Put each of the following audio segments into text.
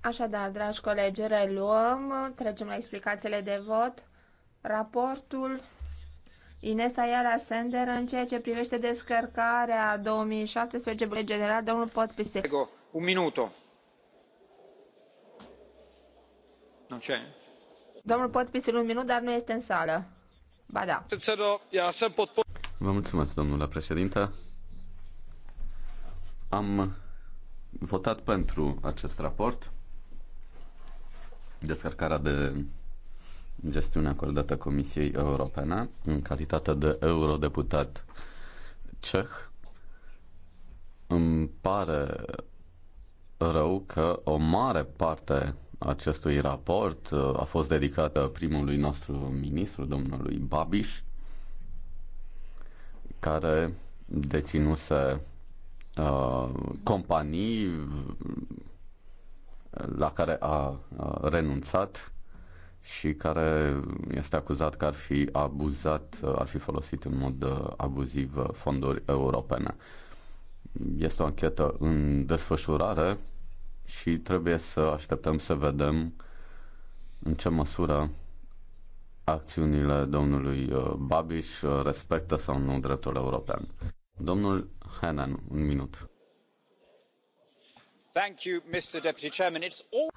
Așadar, dragi colegi, reluăm, trecem la explicațiile de vot. Raportul Ines Ayala Sender în ceea ce privește descărcarea 2017 buget general, domnul Potpise. Un minut. Nu ce? Domnul Potpise, un minut, dar nu este în sală. Ba da. Vă mulțumesc, domnule președinte. Am votat pentru acest raport, descărcarea de gestiune acordată Comisiei Europene în calitate de eurodeputat ceh. Îmi pare rău că o mare parte acestui raport uh, a fost dedicată primului nostru ministru, domnului Babiș, care deținuse Uh, companii la care a, a renunțat și care este acuzat că ar fi abuzat, uh, ar fi folosit în mod uh, abuziv fonduri europene. Este o anchetă în desfășurare și trebuie să așteptăm să vedem în ce măsură acțiunile domnului Babiș respectă sau nu dreptul european. Domnul Hannan, un minut.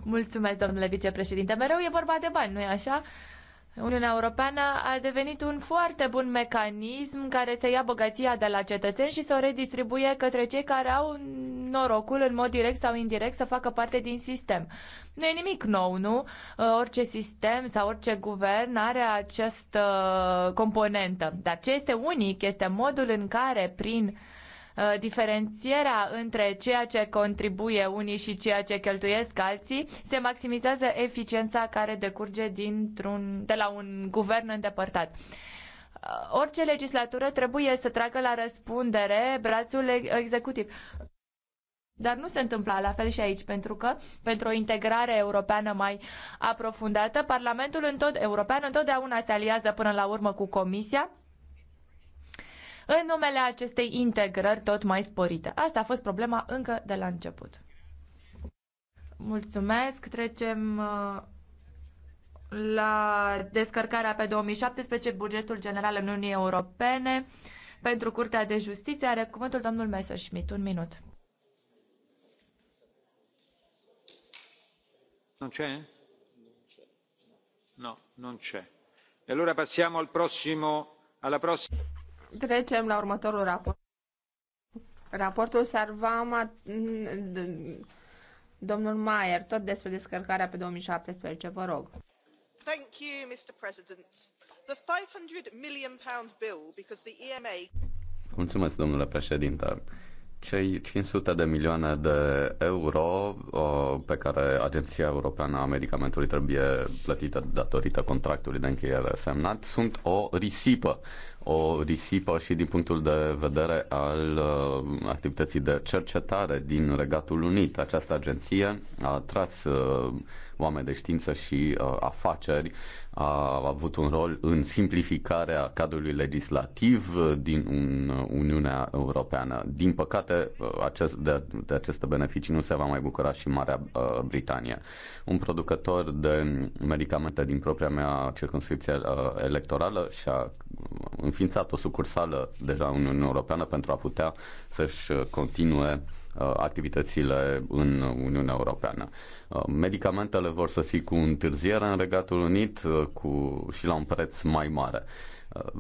Mulțumesc, domnule vicepreședinte. Mereu e vorba de bani, nu-i așa? Uniunea Europeană a devenit un foarte bun mecanism care să ia bogăția de la cetățeni și să o redistribuie către cei care au norocul, în mod direct sau indirect, să facă parte din sistem. Nu e nimic nou, nu? Uh, orice sistem sau orice guvern are această uh, componentă. Dar ce este unic este modul în care, prin uh, Uh, diferențierea între ceea ce contribuie unii și ceea ce cheltuiesc alții, se maximizează eficiența care decurge dintr-un, de la un guvern îndepărtat uh, orice legislatură trebuie să tragă la răspundere brațul executiv. Dar nu se întâmpla la fel și aici, pentru că pentru o integrare europeană mai aprofundată, Parlamentul întot- European întotdeauna se aliază până la urmă cu Comisia în numele acestei integrări tot mai sporite. Asta a fost problema încă de la început. Mulțumesc. Trecem uh, la descărcarea pe 2017, bugetul general al Uniunii Europene. Pentru Curtea de Justiție are cuvântul domnul Messerschmidt. Un minut. Nu ce? No, non c'è. E allora passiamo al prossimo alla prossima Trecem la următorul raport. Raportul Sarvama, mm, domnul Mayer, tot despre descărcarea pe 2017, vă rog. Thank you, Mr. President. The 500 million pound bill because the EMA Mulțumesc, domnule președinte. Cei 500 de milioane de euro pe care Agenția Europeană a Medicamentului trebuie plătită datorită contractului de încheiere semnat sunt o risipă o risipă și din punctul de vedere al uh, activității de cercetare din Regatul Unit. Această agenție a tras uh, oameni de știință și uh, afaceri, a avut un rol în simplificarea cadrului legislativ uh, din uh, Uniunea Europeană. Din păcate, uh, acest, de, de aceste beneficii nu se va mai bucura și Marea uh, Britanie. Un producător de medicamente din propria mea circunscripție uh, electorală și-a înființat o sucursală deja în Uniunea Europeană pentru a putea să-și uh, continue uh, activitățile în Uniunea Europeană. Uh, medicamentele vor să fie cu întârziere în Regatul Unit cu, și la un preț mai mare.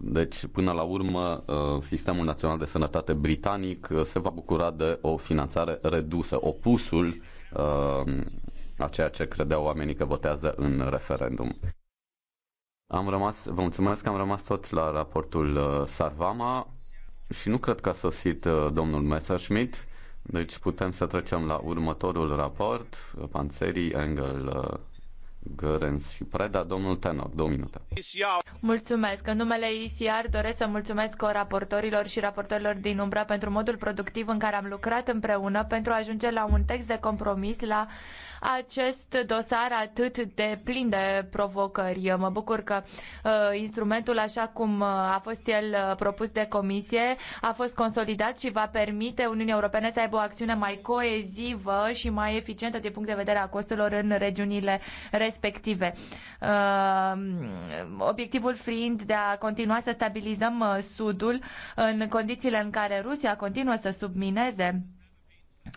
Deci, până la urmă, Sistemul Național de Sănătate Britanic se va bucura de o finanțare redusă, opusul a ceea ce credeau oamenii că votează în referendum. Am rămas, vă mulțumesc că am rămas tot la raportul uh, Sarvama și nu cred că a sosit uh, domnul Messerschmidt. Deci putem să trecem la următorul raport, Panzerii Engel uh, Gărenț și Preda, domnul Tenoc, două minute. Mulțumesc. În numele ICR doresc să mulțumesc co-raportorilor și raportorilor din Umbra pentru modul productiv în care am lucrat împreună pentru a ajunge la un text de compromis la acest dosar atât de plin de provocări. mă bucur că uh, instrumentul, așa cum uh, a fost el uh, propus de comisie, a fost consolidat și va permite Uniunii Europene să aibă o acțiune mai coezivă și mai eficientă din punct de vedere a costurilor în regiunile respective respective. Uh, obiectivul fiind de a continua să stabilizăm uh, Sudul în condițiile în care Rusia continuă să submineze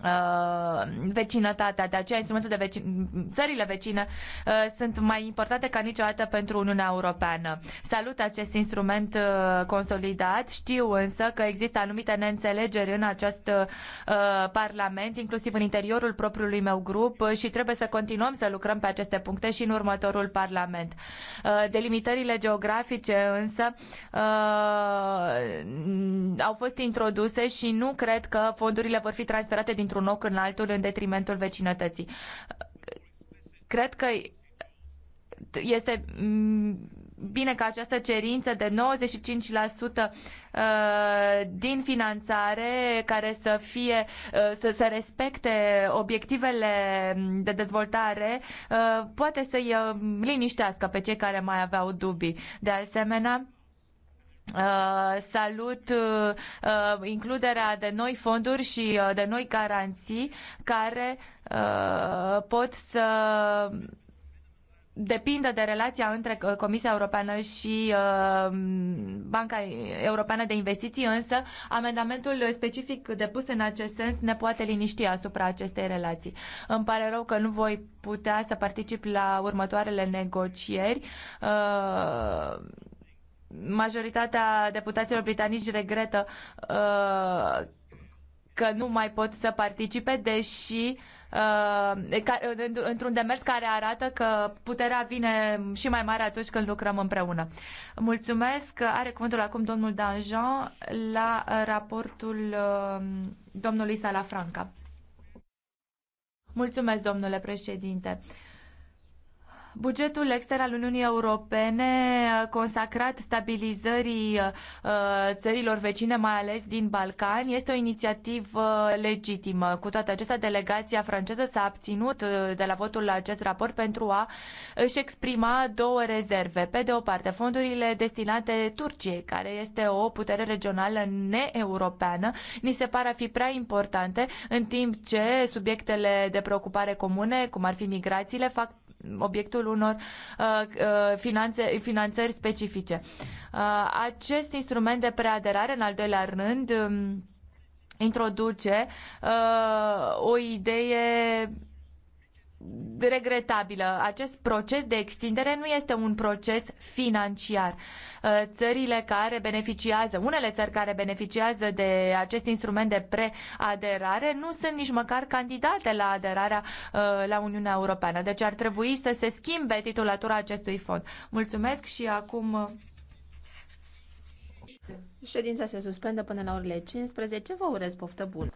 Uh, vecinătatea. De aceea instrumentul de vecin... țările vecine uh, sunt mai importante ca niciodată pentru Uniunea Europeană. Salut acest instrument uh, consolidat. Știu însă că există anumite neînțelegeri în acest uh, Parlament, inclusiv în interiorul propriului meu grup uh, și trebuie să continuăm să lucrăm pe aceste puncte și în următorul Parlament. Uh, delimitările geografice însă au fost introduse și nu cred că fondurile vor fi transferate din dintr-un loc în altul în detrimentul vecinătății. Cred că este bine că această cerință de 95% uh, din finanțare care să fie uh, să, să respecte obiectivele de dezvoltare uh, poate să-i liniștească pe cei care mai aveau dubii. De asemenea, Uh, salut uh, includerea de noi fonduri și uh, de noi garanții care uh, pot să depindă de relația între Comisia Europeană și uh, Banca Europeană de Investiții, însă amendamentul specific depus în acest sens ne poate liniști asupra acestei relații. Îmi pare rău că nu voi putea să particip la următoarele negocieri uh, majoritatea deputaților britanici regretă uh, că nu mai pot să participe, deși uh, într-un demers care arată că puterea vine și mai mare atunci când lucrăm împreună. Mulțumesc. Are cuvântul acum domnul Danjean la raportul uh, domnului Salafranca. Mulțumesc, domnule președinte. Uh, Bugetul extern al Uniunii Europene consacrat stabilizării uh, țărilor vecine, mai ales din Balcani, este o inițiativă legitimă. Cu toate acestea, delegația franceză s-a abținut uh, de la votul la acest raport pentru a își exprima două rezerve. Pe de o parte, fondurile destinate Turciei, care este o putere regională neeuropeană, ni se pare a fi prea importante, în timp ce subiectele de preocupare comune, cum ar fi migrațiile, fac obiectul unor uh, uh, finanțe, finanțări specifice. Uh, acest instrument de preaderare, în al doilea rând, um, introduce o idee regretabilă. Acest proces de extindere nu este un proces financiar. Uh, țările care beneficiază, unele țări care beneficiază de acest instrument de preaderare nu sunt nici măcar candidate la aderarea uh, la Uniunea Europeană. Deci ar trebui să se schimbe titulatura acestui fond. Mulțumesc și acum uh, Ședința se suspendă până la orele 15. Vă urez poftă bună!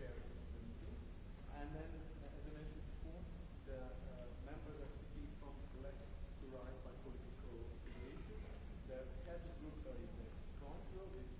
sharing of And then, as I mentioned before, the uh, members are sitting from left to by political affiliation. The heads groups are in the front